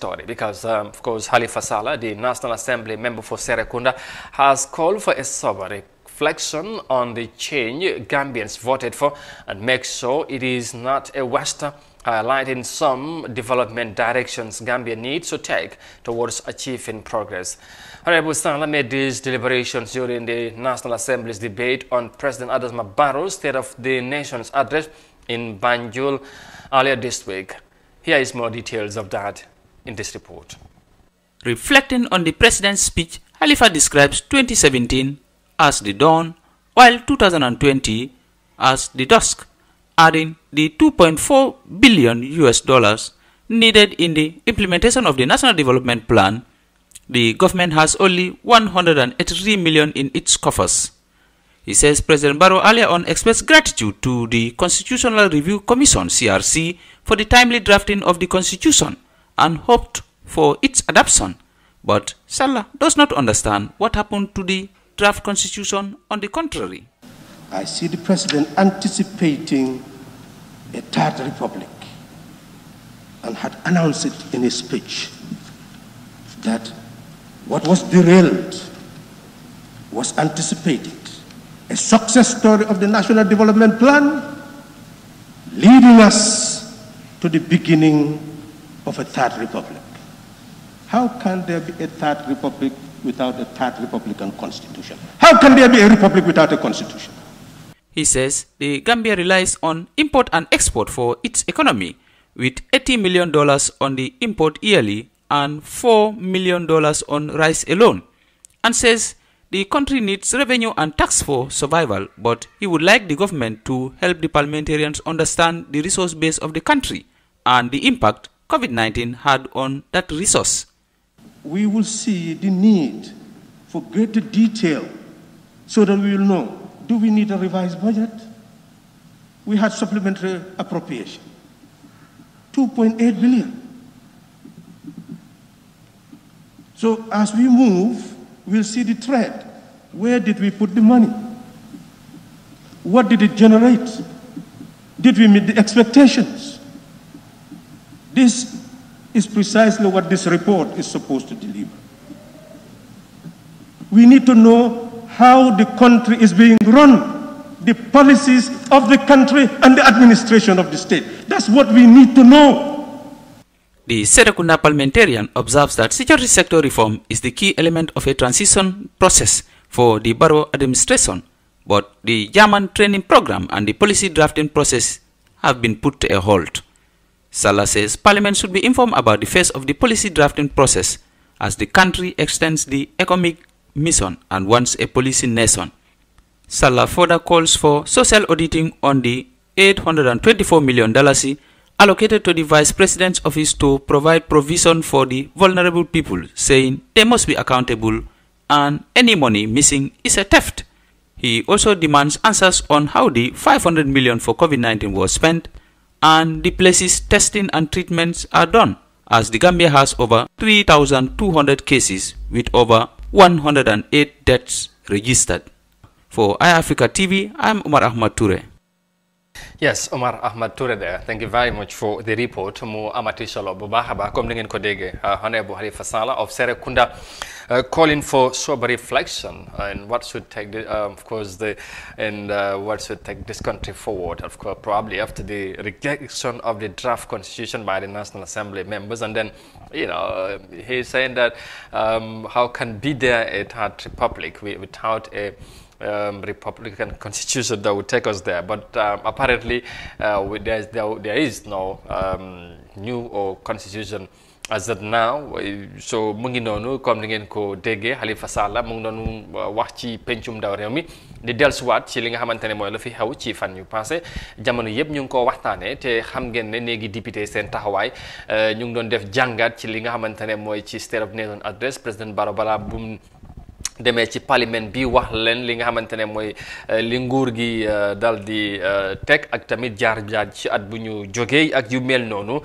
story because, um, of course, Halifa Sala, the National Assembly member for Serekunda, has called for a sober reflection on the change Gambians voted for and make sure it is not a Western in some development directions Gambia needs to take towards achieving progress. Honorable Sala made these deliberations during the National Assembly's debate on President Adams Barrow's State of the Nation's address in Banjul earlier this week. Here is more details of that in this report. Reflecting on the president's speech, Halifa describes 2017 as the dawn, while 2020 as the dusk, adding the 2.4 billion US dollars needed in the implementation of the National Development Plan. The government has only 183 million in its coffers. He says President Barrow earlier on expressed gratitude to the Constitutional Review Commission CRC for the timely drafting of the Constitution and hoped for its adoption. But Salah does not understand what happened to the draft constitution on the contrary. I see the president anticipating a third republic and had announced it in his speech that what was derailed was anticipated. A success story of the National Development Plan leading us to the beginning of a third republic. How can there be a third republic without a third republican constitution? How can there be a republic without a constitution? He says the Gambia relies on import and export for its economy, with $80 million on the import yearly and $4 million on rice alone, and says the country needs revenue and tax for survival, but he would like the government to help the parliamentarians understand the resource base of the country and the impact COVID-19 had on that resource. We will see the need for greater detail so that we will know, do we need a revised budget? We had supplementary appropriation, 2.8 billion. So as we move, we'll see the thread. Where did we put the money? What did it generate? Did we meet the expectations? This is precisely what this report is supposed to deliver. We need to know how the country is being run, the policies of the country and the administration of the state. That's what we need to know. The Serekunda parliamentarian observes that security sector reform is the key element of a transition process for the borough administration, but the German training program and the policy drafting process have been put to a halt. Salah says Parliament should be informed about the phase of the policy drafting process as the country extends the economic mission and wants a policy nation. Salah further calls for social auditing on the $824 million allocated to the Vice President's office to provide provision for the vulnerable people, saying they must be accountable and any money missing is a theft. He also demands answers on how the 500 million for COVID-19 was spent and the places testing and treatments are done, as the Gambia has over 3,200 cases with over 108 deaths registered. For iAfrica TV, I'm Omar Ahmad Toure. Yes, Omar Ahmad Toure there. Thank you very much for the report. Mu Amatisha Lo, bu baax a baax comme ni uh, Honorable Halifa Sallah of Serekunda uh, calling for sober reflection and what should take, the, uh, of course, the and uh, what should take this country forward. Of course, probably after the rejection of the draft constitution by the National Assembly members, and then you know uh, he's saying that um, how can be there a third republic without a um, Republican constitution that would take us there. But um, apparently, uh, we, there, there is no um, new or constitution as of now so mu ngi noonu ko déggee Halifa Sallah mu ngi doon wax ci pencum ndaw di dellusiwaat la fi ci fan yu passé jamono yeb ñu ko waxtaanee te xam ngeen ne néegi député seen taxawaay euh, ñu ngi doon def jàngat ci li nga xamante ne ci State of Nation Address président barabala balaa demee ci parlement bi wax leen li nga xamante ne mooy euh, li nguur gi euh, daal di euh, teg ak tamit jaar jaar ci at bu ñu jógee ak yu mel noonu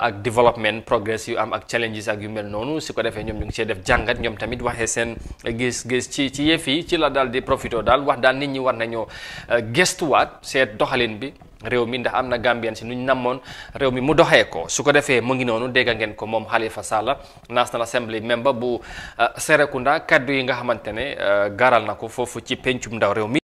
ak développement progress yu am ak challenges ak yu mel noonu su ko defee ñoom ñu ngi see def jàngat ñoom tamit waxee seen gis-gis ci ci yëf ci la daal di profito daal wax daal nit ñi war nañoo gestuwaat seet doxalin bi réew mi ndax am na Gambien si nu ñu namoon réew mi mu doxee ko su ko defee mu ngi noonu dégg ngeen ko moom Halifa Sallah National Assembly member bu sereku Serekunda kàddu yi nga xamante ne euh, garal na ko foofu ci pencum ndaw réew mi.